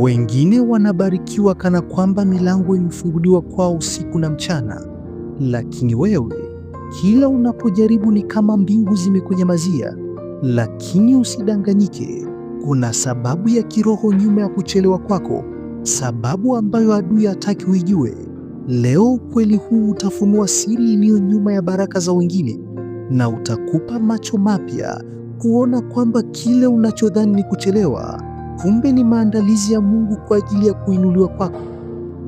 Wengine wanabarikiwa kana kwamba milango imefunguliwa kwao usiku na mchana, lakini wewe kila unapojaribu ni kama mbingu zimekunyamazia. Lakini usidanganyike, kuna sababu ya kiroho nyuma ya kuchelewa kwako, sababu ambayo adui hataki uijue. Leo ukweli huu utafunua siri iliyo nyuma ya baraka za wengine na utakupa macho mapya kuona kwamba kile unachodhani ni kuchelewa kumbe ni maandalizi ya Mungu kwa ajili ya kuinuliwa kwako.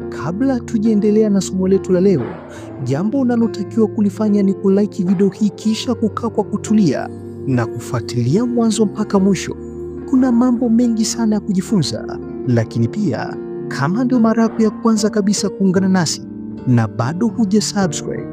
Kabla tujiendelea na somo letu la leo, jambo unalotakiwa kulifanya ni kulike video hii kisha kukaa kwa kutulia na kufuatilia mwanzo mpaka mwisho. Kuna mambo mengi sana ya kujifunza, lakini pia kama ndio mara yako ya kwanza kabisa kuungana nasi na bado huja subscribe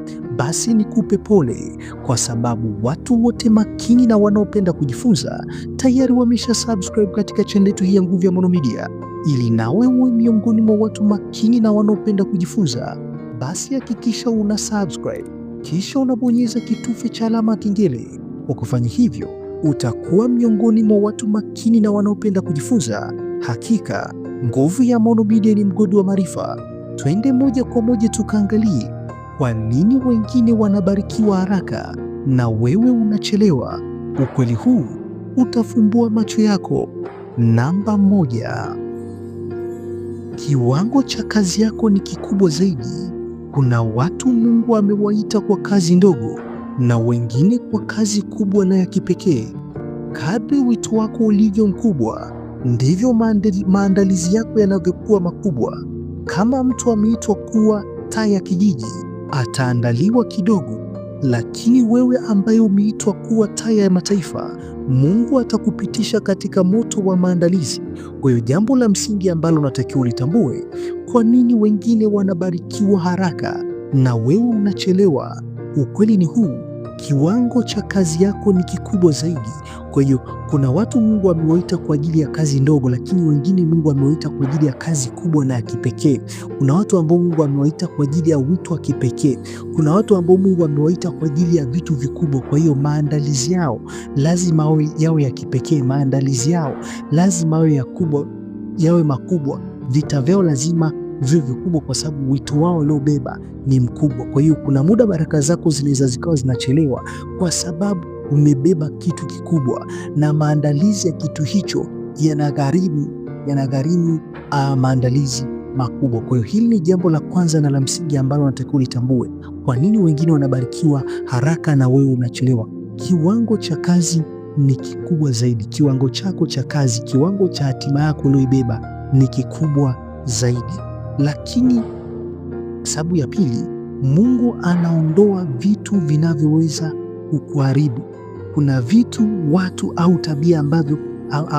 basi nikupe pole, kwa sababu watu wote makini na wanaopenda kujifunza tayari wamesha subscribe katika channel yetu hii ya Nguvu ya Maono Media. Ili nawe uwe miongoni mwa watu makini na wanaopenda kujifunza, basi hakikisha una subscribe kisha unabonyeza kitufe cha alama kengele. Kwa kufanya hivyo, utakuwa miongoni mwa watu makini na wanaopenda kujifunza. Hakika Nguvu ya Maono Media ni mgodi wa maarifa. Twende moja kwa moja tukaangalie kwa nini wengine wanabarikiwa haraka na wewe unachelewa? Ukweli huu utafumbua macho yako. Namba moja, kiwango cha kazi yako ni kikubwa zaidi. Kuna watu Mungu amewaita kwa kazi ndogo na wengine kwa kazi kubwa na ya kipekee. Kadri wito wako ulivyo mkubwa, ndivyo maandalizi yako yanavyokuwa makubwa. Kama mtu ameitwa kuwa taa ya kijiji ataandaliwa kidogo, lakini wewe ambaye umeitwa kuwa taya ya mataifa, Mungu atakupitisha katika moto wa maandalizi. Kwa hiyo jambo la msingi ambalo unatakiwa ulitambue, kwa nini wengine wanabarikiwa haraka na wewe unachelewa? Ukweli ni huu kiwango cha kazi yako ni kikubwa zaidi. Kwa hiyo kuna watu Mungu amewaita kwa ajili ya kazi ndogo, lakini wengine Mungu amewaita kwa ajili ya kazi kubwa na ya kipekee. Kuna watu ambao Mungu amewaita kwa ajili ya wito wa kipekee. Kuna watu ambao Mungu amewaita kwa ajili ya vitu vikubwa. Kwa hiyo maandalizi yao lazima yawe ya kipekee, maandalizi yao lazima yawe ya kubwa, yawe makubwa. Vita vyao lazima vio vikubwa, kwa sababu wito wao waliobeba ni mkubwa. Kwa hiyo kuna muda baraka zako zinaweza zikawa zinachelewa, kwa sababu umebeba kitu kikubwa na maandalizi ya kitu hicho yanagharimu yanagharimu uh, maandalizi makubwa. Kwa hiyo hili ni jambo la kwanza na la msingi ambalo unatakiwa litambue. Kwa nini wengine wanabarikiwa haraka na wewe unachelewa? Kiwango cha kazi ni kikubwa zaidi, kiwango chako cha kazi, kiwango cha hatima yako ulioibeba ni kikubwa zaidi. Lakini sababu ya pili, Mungu anaondoa vitu vinavyoweza kukuharibu. Kuna vitu, watu au tabia ambavyo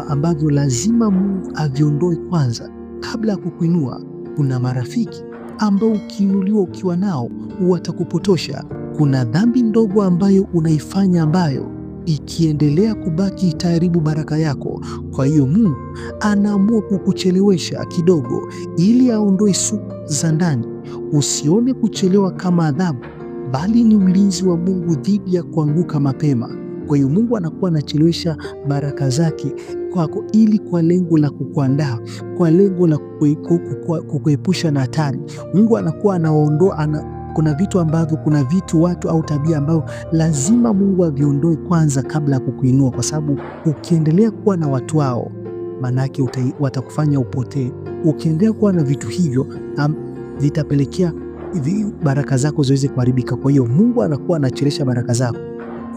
ambavyo lazima Mungu aviondoe kwanza kabla ya kukuinua. Kuna marafiki ambao ukiinuliwa ukiwa nao watakupotosha. Kuna dhambi ndogo ambayo unaifanya ambayo ikiendelea kubaki itaharibu baraka yako. Kwa hiyo Mungu anaamua kukuchelewesha kidogo, ili aondoe sumu za ndani. Usione kuchelewa kama adhabu, bali ni mlinzi wa Mungu dhidi ya kuanguka mapema. Kwa hiyo Mungu anakuwa anachelewesha baraka zake kwako ili kwa lengo la kukuandaa, kwa lengo la kukuepusha na hatari. Mungu anakuwa anaondoa ana kuna vitu ambavyo, kuna vitu, watu au tabia ambayo lazima Mungu aviondoe kwanza kabla ya kukuinua, kwa sababu ukiendelea kuwa na watu wao, maanake watakufanya upotee. Ukiendelea kuwa na vitu hivyo vitapelekea baraka zako ziweze kuharibika. Kwa hiyo Mungu anakuwa anacheresha baraka zako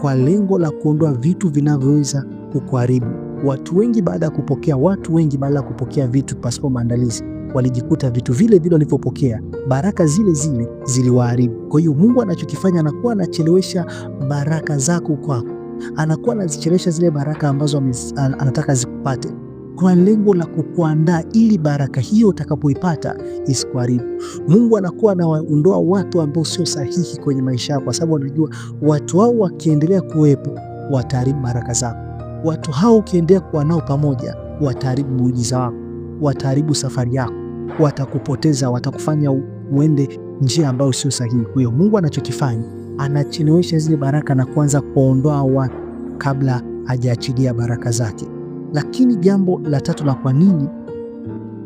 kwa lengo la kuondoa vitu vinavyoweza kukuharibu. Watu wengi baada ya kupokea, watu wengi baada ya kupokea vitu pasipo maandalizi walijikuta vitu vile vile walivyopokea, baraka zile zile ziliwaharibu. Kwa hiyo Mungu anachokifanya anakuwa anachelewesha baraka zako kwako, anakuwa anazichelewesha zile baraka ambazo anataka zikupate kwa lengo la kukuandaa ili baraka hiyo utakapoipata isikuharibu. Mungu anakuwa anawaondoa watu ambao sio sahihi kwenye maisha yako, kwa sababu anajua watu hao wakiendelea kuwepo wataharibu baraka zako. Watu hao ukiendelea kuwa nao pamoja wataharibu muujiza wako, wataharibu safari yako watakupoteza, watakufanya uende njia ambayo sio sahihi. Kwa hiyo Mungu anachokifanya anachelewesha zile baraka na kuanza kuondoa watu kabla hajaachilia baraka zake. Lakini jambo la tatu la kwa nini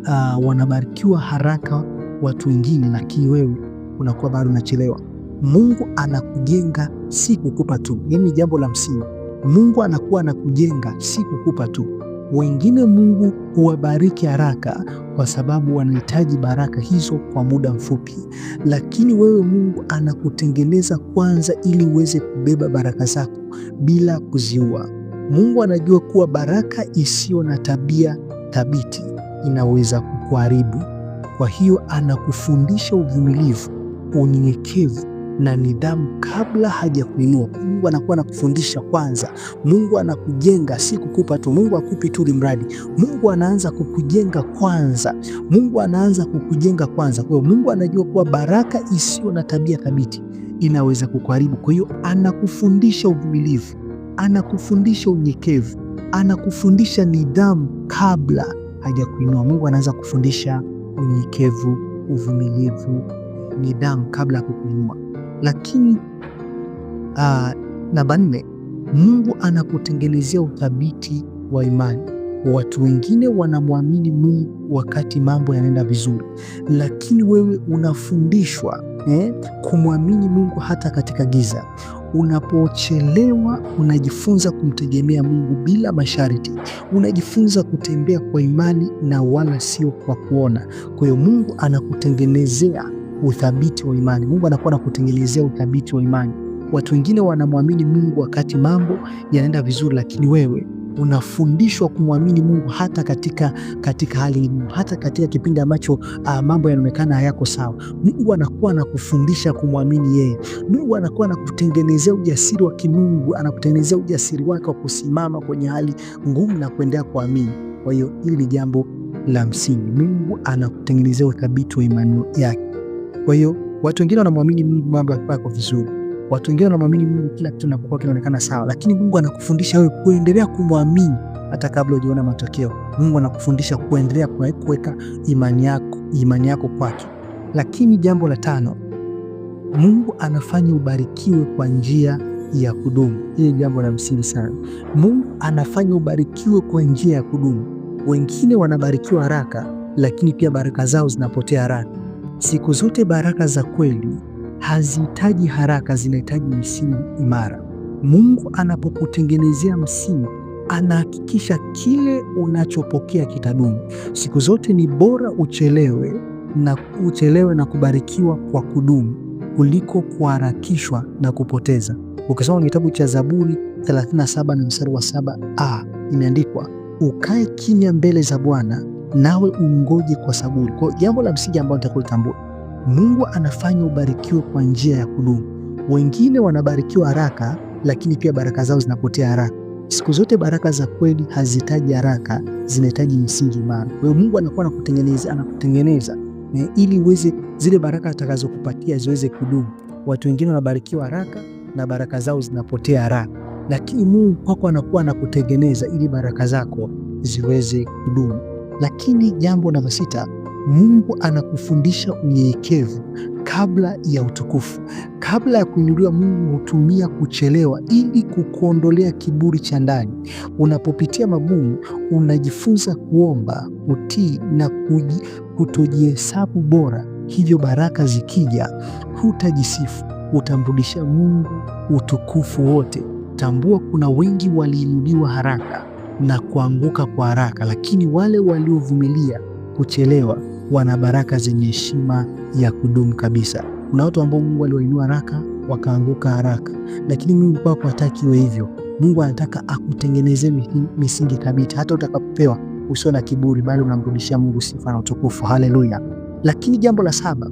uh, wanabarikiwa haraka watu wengine, lakini wewe unakuwa bado unachelewa. Mungu anakujenga si kukupa tu, ni jambo la msingi, Mungu anakuwa anakujenga si kukupa tu. Wengine Mungu huwabariki haraka kwa sababu wanahitaji baraka hizo kwa muda mfupi, lakini wewe Mungu anakutengeneza kwanza ili uweze kubeba baraka zako bila kuziua. Mungu anajua kuwa baraka isiyo na tabia thabiti inaweza kukuharibu. Kwa hiyo anakufundisha uvumilivu, unyenyekevu na nidhamu kabla kuinua. Mungu anakuwa anakufundisha kwanza, Mungu anakujenga, si kukupa tu. Mungu akupi tu limradi, Mungu anaanza kukujenga kwanza, Mungu anaanza kukujenga kwanza. Kwa hiyo Mungu anajua kuwa baraka isiyo na tabia thabiti inaweza kukuharibu. Kwa hiyo anakufundisha uvumilivu, anakufundisha unyekevu, anakufundisha nidhamu kabla haja kuinua Mungu anaanza kufundisha unyekevu uvumilivu, nidhamu kabla ya kukuinua. Lakini uh, ah, namba nne, Mungu anakutengenezea uthabiti wa imani. Watu wengine wanamwamini Mungu wakati mambo yanaenda vizuri, lakini wewe unafundishwa eh, kumwamini Mungu hata katika giza. Unapochelewa unajifunza kumtegemea Mungu bila masharti, unajifunza kutembea kwa imani na wala sio kwa kuona. Kwa hiyo Mungu anakutengenezea uthabiti wa imani. Mungu anakuwa anakutengenezea uthabiti wa imani. Watu wengine wanamwamini Mungu wakati mambo yanaenda vizuri, lakini wewe unafundishwa kumwamini Mungu hata katika, katika hali ngumu, hata katika kipindi ambacho uh, mambo yanaonekana hayako sawa. Mungu anakuwa anakufundisha kumwamini yeye. Mungu anakuwa anakutengenezea ujasiri wa kimungu, anakutengenezea ujasiri wake wa kusimama kwenye hali ngumu na kuendelea kuamini. Kwa hiyo hili ni jambo la msingi. Mungu anakutengenezea uthabiti wa imani yake. Kwa hiyo watu wengine wanamwamini Mungu mambo yako vizuri, watu wengine wanamwamini Mungu kila kitu kinapokuwa kinaonekana sawa, lakini Mungu anakufundisha wewe kuendelea kumwamini hata kabla hujaona matokeo. Mungu anakufundisha kuendelea kuweka imani yako imani yako kwake. Lakini jambo la tano, Mungu anafanya ubarikiwe kwa njia ya kudumu. Hili jambo la msingi sana. Mungu anafanya ubarikiwe kwa njia ya kudumu. Wengine wanabarikiwa haraka, lakini pia baraka zao zinapotea haraka. Siku zote baraka za kweli hazihitaji haraka, zinahitaji misingi imara. Mungu anapokutengenezea msingi, anahakikisha kile unachopokea kitadumu. Siku zote ni bora uchelewe na uchelewe na kubarikiwa kwa kudumu kuliko kuharakishwa na kupoteza. Ukisoma kitabu cha Zaburi 37 na mstari wa 7a, imeandikwa ukae kimya mbele za Bwana nawe ungoje kwa saburi. Kwa jambo la msingi ambalo nitakuwa Mungu anafanya ubarikiwe kwa njia ya kudumu. Wengine wanabarikiwa haraka, lakini pia baraka zao zinapotea haraka. Siku zote baraka za kweli hazihitaji haraka, zinahitaji msingi imara. Kwa hiyo Mungu anakuwa anakutengeneza, anakutengeneza eh, ili uweze zile baraka atakazokupatia ziweze kudumu. Watu wengine wanabarikiwa haraka na baraka zao zinapotea haraka, lakini Mungu kwako anakuwa anakutengeneza ili baraka zako ziweze kudumu. Lakini jambo namba sita, Mungu anakufundisha unyenyekevu kabla ya utukufu. Kabla ya kuinuliwa, Mungu hutumia kuchelewa ili kukuondolea kiburi cha ndani. Unapopitia magumu, unajifunza kuomba, kutii na kutojihesabu bora. Hivyo baraka zikija, hutajisifu, utamrudisha Mungu utukufu wote. Tambua kuna wengi waliinuliwa haraka na kuanguka kwa haraka, lakini wale waliovumilia kuchelewa wana baraka zenye heshima ya kudumu kabisa. Kuna watu ambao Mungu aliwainua haraka wakaanguka haraka, lakini Mungu kwako hataki iwe hivyo. Mungu anataka akutengenezee misingi thabiti, hata utakapopewa usio na kiburi, bali unamrudishia Mungu sifa na utukufu. Haleluya! Lakini jambo la saba,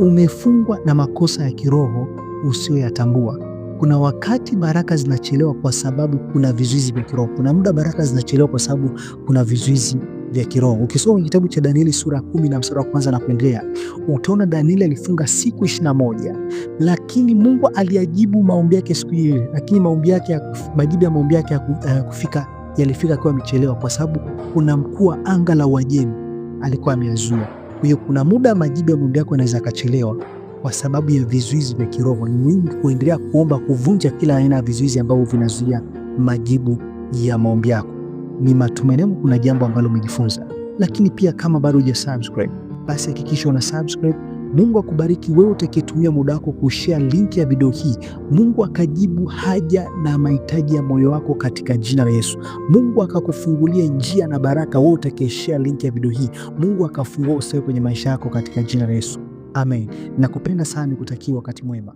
umefungwa na makosa ya kiroho usiyoyatambua kuna wakati baraka zinachelewa kwa sababu kuna vizuizi vya kiroho. Kuna muda baraka zinachelewa kwa sababu kuna vizuizi vya kiroho. Ukisoma kitabu cha Danieli sura ya kumi na mstari wa kwanza na kuendelea, utaona Danieli alifunga siku ishirini na moja lakini Mungu aliajibu maombi yake siku ile, lakini maombi yake, majibu ya maombi yake yakufika eh, yalifika akiwa amechelewa, kwa sababu kuna mkuu wa anga la Uajemi alikuwa ameazua. Kwa hiyo kuna muda majibu ya maombi yako yanaweza akachelewa, kwa sababu ya vizuizi vya kiroho. Ni muhimu kuendelea kuomba kuvunja kila aina ya vizuizi ambavyo vinazuia majibu ya maombi yako. Ni matumaini yangu kuna jambo ambalo umejifunza, lakini pia kama bado huja subscribe, basi hakikisha una subscribe. Mungu akubariki wewe utakayetumia muda wako kushare linki ya video hii. Mungu akajibu haja na mahitaji ya moyo wako katika jina la Yesu. Mungu akakufungulia njia na baraka wewe utakayeshare link ya video hii. Mungu akafungua usawa kwenye maisha yako katika jina la Yesu. Amen. Nakupenda sana, nikutakia wakati mwema.